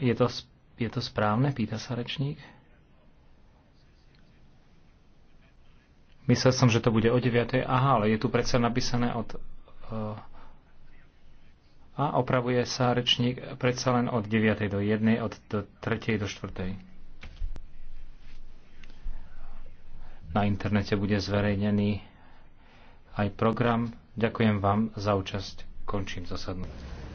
Je to, je to správne? Pýta sa rečník. Myslel som, že to bude o 9. Aha, ale je tu predsa napísané od... Uh, a opravuje sa rečník predsa len od 9. do 1. od do 3. do 4. Na internete bude zverejnený aj program. Ďakujem vám za účasť. Končím zasadnutie.